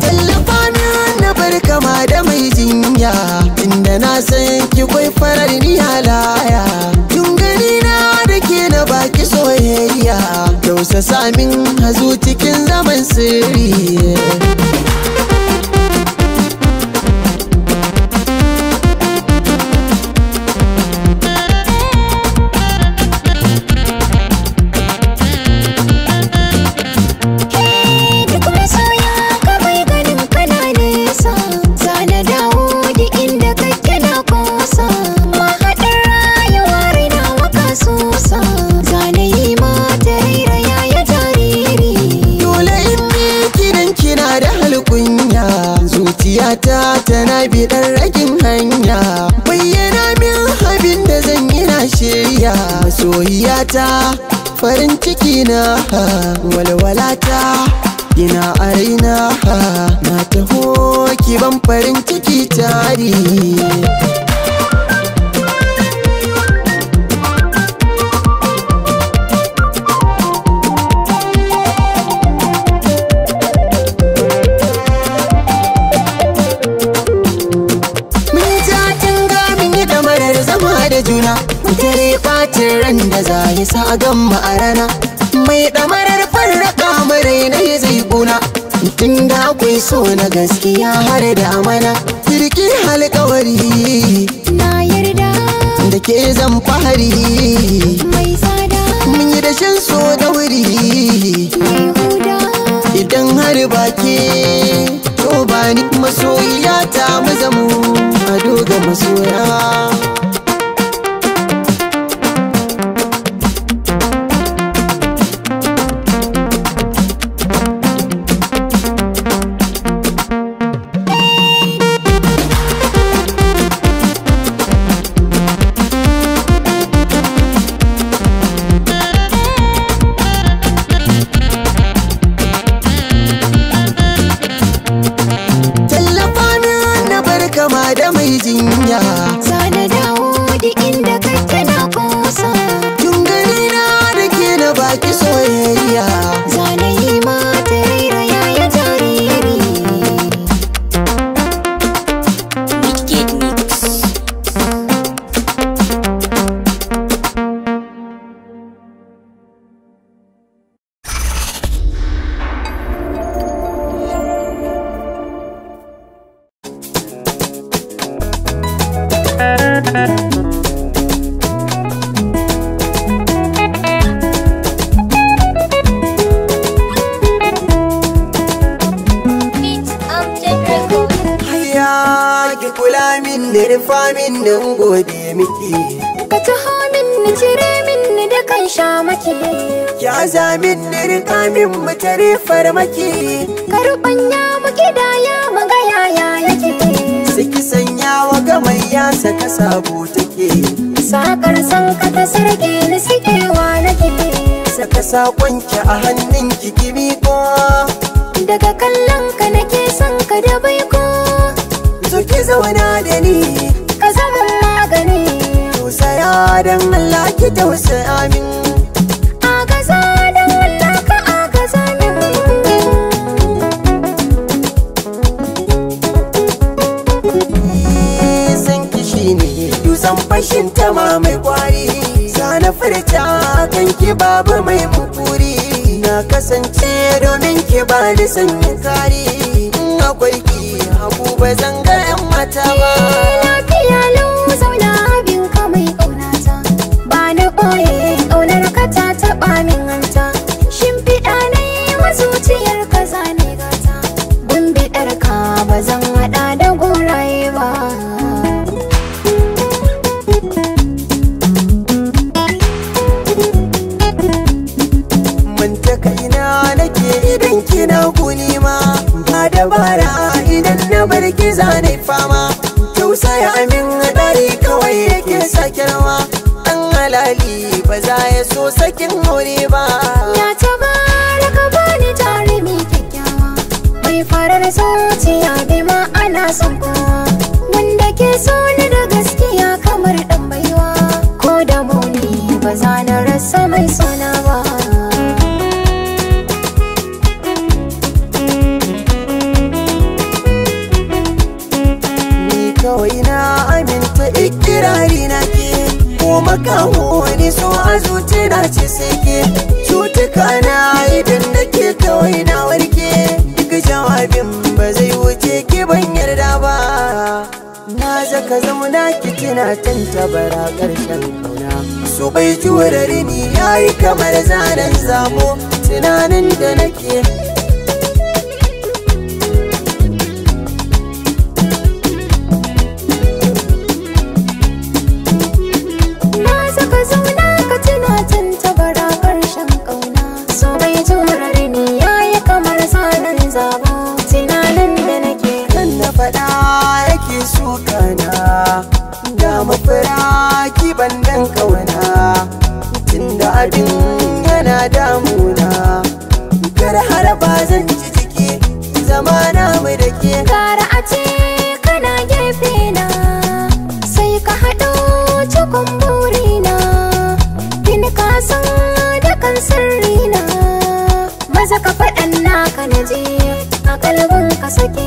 Tallafana na barka ma da mai jinya Inda na san ki kwai farar niyalaya. halaya Kin na da ke na baki soyayya Tausasa min hazu cikin zaman sirri walwalata ina a raina na taho ki ban farin ciki tari da juna mutare ɓacin ran da za ya sa a gama a rana. da akwai so na gaskiya har da amana kirki alkawari na yarda da ke zan fahari mai tsada mun yi dashen so da wuri idan har baki to ba ni masoyiya ta mu zamu ado ga masoya Cire minni da kan sha maki ya zamin ni rika min maki karban karɓanya muke da ya maga ya yake siki sanya wa gamai ya saka sabo take sakar san ka ta sarki ni na nake saka sakonki a hannun ki gibi ko daga kallon ka nake san ka da baiko ko zuki zauna da ni dan Allah ki tausaya min agaza dan Allah eh, ki fashin ta ma mai kwari sana furta kan ki babu mai mukuri na kasance domin ki ba ni sanya kari in akwai ki haku ba zan ga yan mata ba lafiya karar zuciya bi ma ana son kowa wanda ke so ni da gaskiya kamar dan baiwa ko da muni ba za na rasa mai sona ba ni kawai na aminta ikirari na ke ko makaho wani so a zuci na ce sai ke cutuka na idan nake kawai na warke duk maza ka zauna kitina tanta bara ƙarshen kauna su bai wurare ni yayi kamar zanen zamo tunanin da nake mafaraki bandan kawana, tunda abin yana damuna kar har ba zan ci ciki zama na mai da ke gara a ce kana gefe na sai ka haɗo cikon burina kin ka san da kan sirrina maza ka faɗan naka na je a kalbin ka sake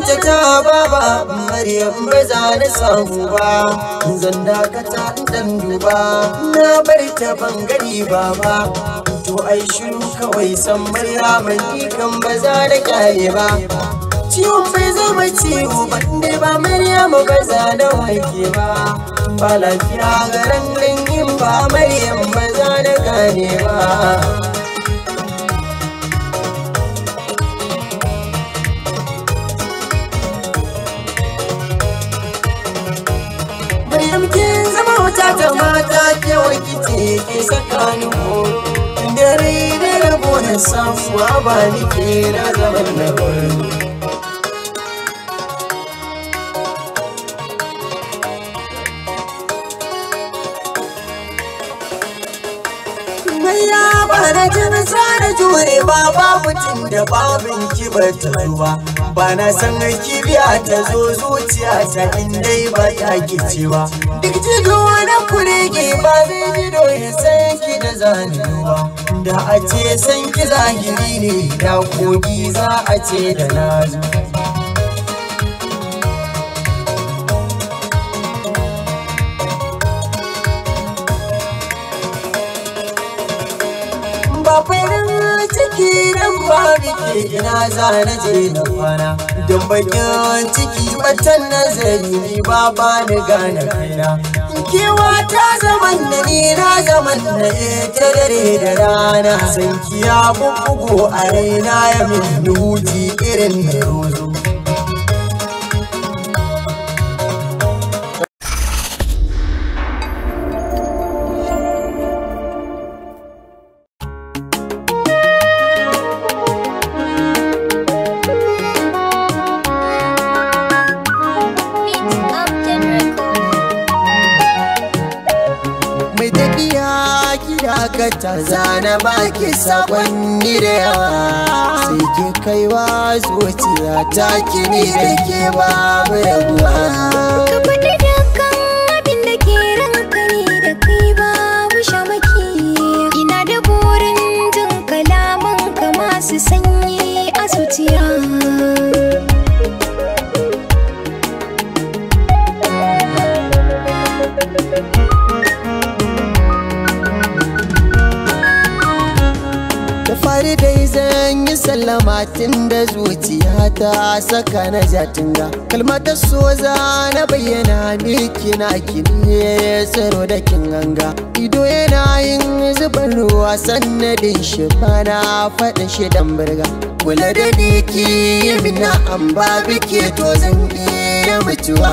zanta ta baba maryam ba za na samu ba zan dakata dan duba na bar ta bangare baba to ai shiru kawai san maryam ni kan ba za na kyale ba ciwon bai zama ciwo ba dai ba maryam ba za da wake ba ba lafiya garan nan ba maryam ba za da ba ne ke tsakanin mu dare da rabo na samuwa ba ni ke na zaman na gurin ba na jin tsara da jure ba babu tun da babin kibar ta ruwa bana san kibiya ta zo zuciya ta dai ba ta kice ba duk jigo na kurege ba zai ji ya san ki da zanewa da a ce san ki zahiri ne da kogi za a ce da zo. ba farin ciki na fari ke jinaza na je na kwana don bakin ciki batan nazari ni ba ba ni gane kaina kewa ta zaman na ni na zaman na ita dare da rana sankiya bubugo a raina ya min huji irin ruwa. ki sabon gida sai ki kaiwa zuciya ta kini da ke babu yabuwa tunda zuciya ta saka na jatinga kalmatar soza na bayyana miki na kini tsaro da kin ganga ido yana yin zuban ruwa sannadin shi bana faɗin shi dan birga kula da niki mina an ba ke, to zan iya mutuwa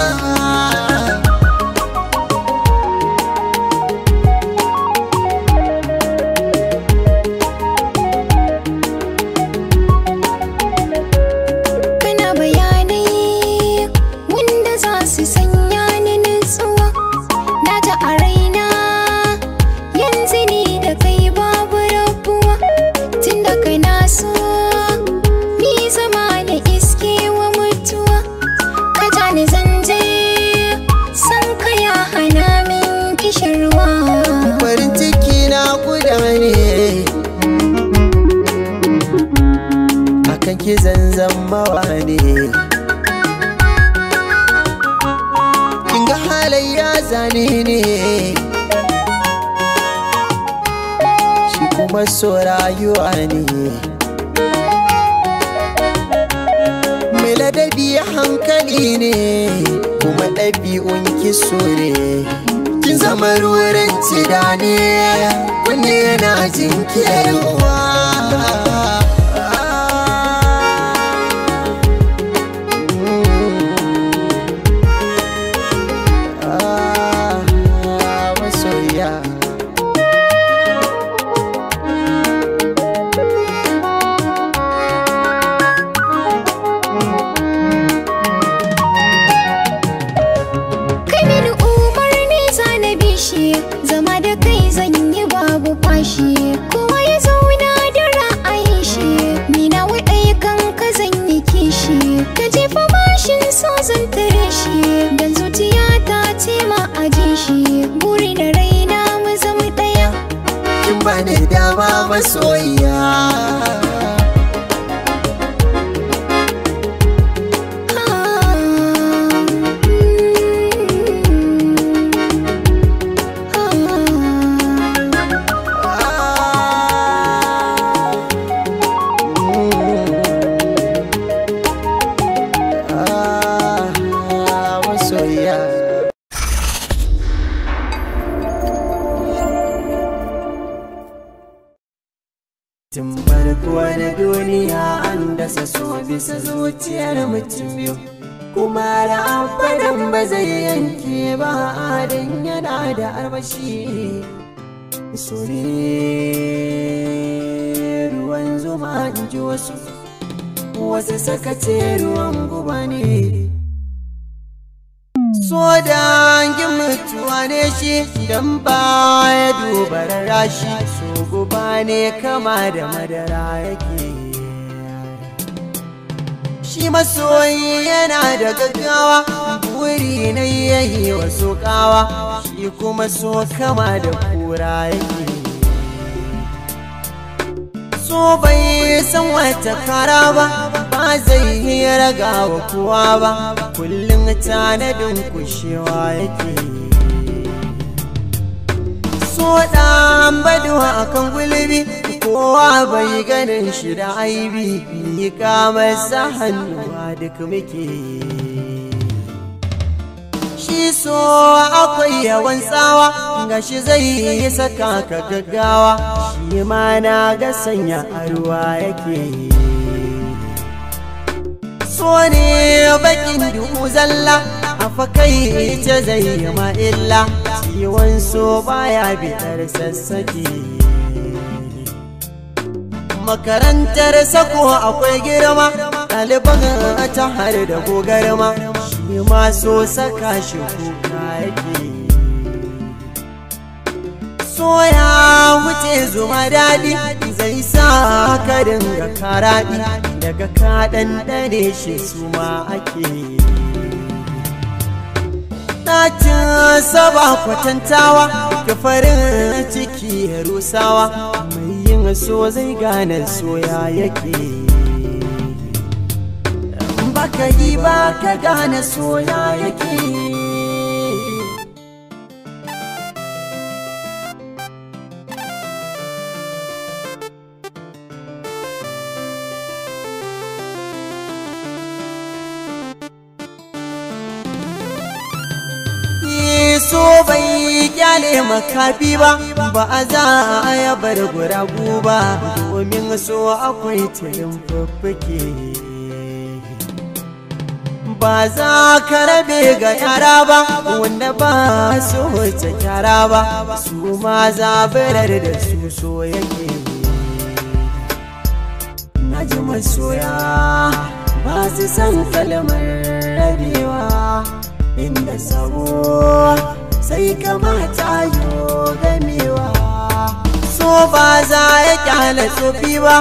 ki zanzan ne kin ga halayya zane ne shi kuma so rayuwa ne ladabi hankali ne kuma ɗabi'un kiso ne kin zama ruwan cida ne wani yana jin zai yanke ba don yana da armashi sori ruwan zuma in ji wasu wasu sakace ruwan guba ne so dangin mutuwa ne shi don ba ya duba rashi so guba ne kama da madara yake shi masoyi yana da gaggawa buri na yayi wasu kawa shi kuma so kama da kura yake so bai san wata kara ba ba zai iya ragawa wa kowa ba kullum tanadin kushewa yake so ɗan baduwa akan gulbi kowa bai ganin shi da aibi ni ka sa hannuwa duk muke shi so akwai yawan tsawa ga shi zai yi saka ka gaggawa shi ma na ga sanya arwa yake so ne bakin duhu zalla a fakai ce zai yi ma'illa ciwon so baya bitar sassaki makarantar sako akwai girma ɗaliban ta har da gogarma shi ma so saka shi kuka yake soya wuce zuma daɗi zai sa ka dinga karaɗi daga kaɗan ɗane shi su ma ake ɗacin saba kwatantawa kafarin farin ciki rusawa mai so zai gane soya yake baka yi ba ka gane soya yake so bai kyale makafi ba ba a za a ya bar guragu ba domin so akwai tilin fuffuke ba za ka rabe ga yara ba wanda ba so ta kyara ba su ma zabirar da su so yake na ji masoya ba su san kalmar rabewa inda sabo sai kamata yo gamewa so ba za ya kyale tsofi ba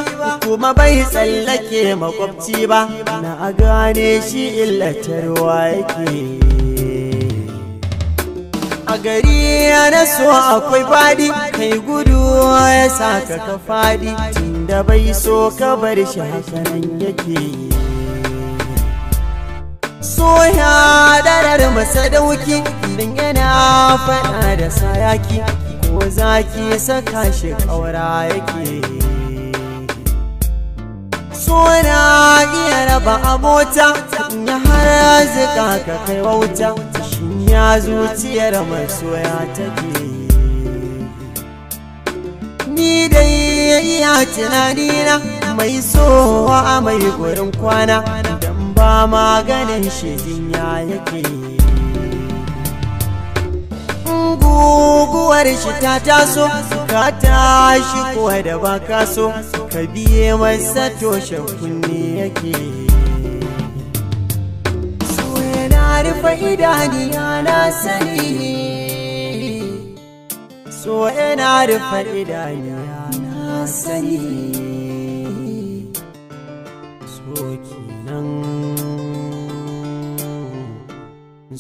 kuma bai tsallake makwabci ba na gane shi illatarwa yake a gari na so akwai fadi kai gudu ya sa ka fadi tunda bai so ka bar shi hakanan yake yi. ya darar masa dauki idan faɗa da sayaki ko zaki saka shi ƙaura yake suna iya raba abota ya har zika ka kai wauta shi ya zuciyar masoya take ni dai iya tunanina mai sowa mai gurin kwana dan ba maganin shi ya yake Karshe ta taso ka tashi ko da ba ka so ka biye masa toshe kunne yake so yana rufe idaniya na sani so yana rufe idaniya na sani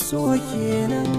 so kenan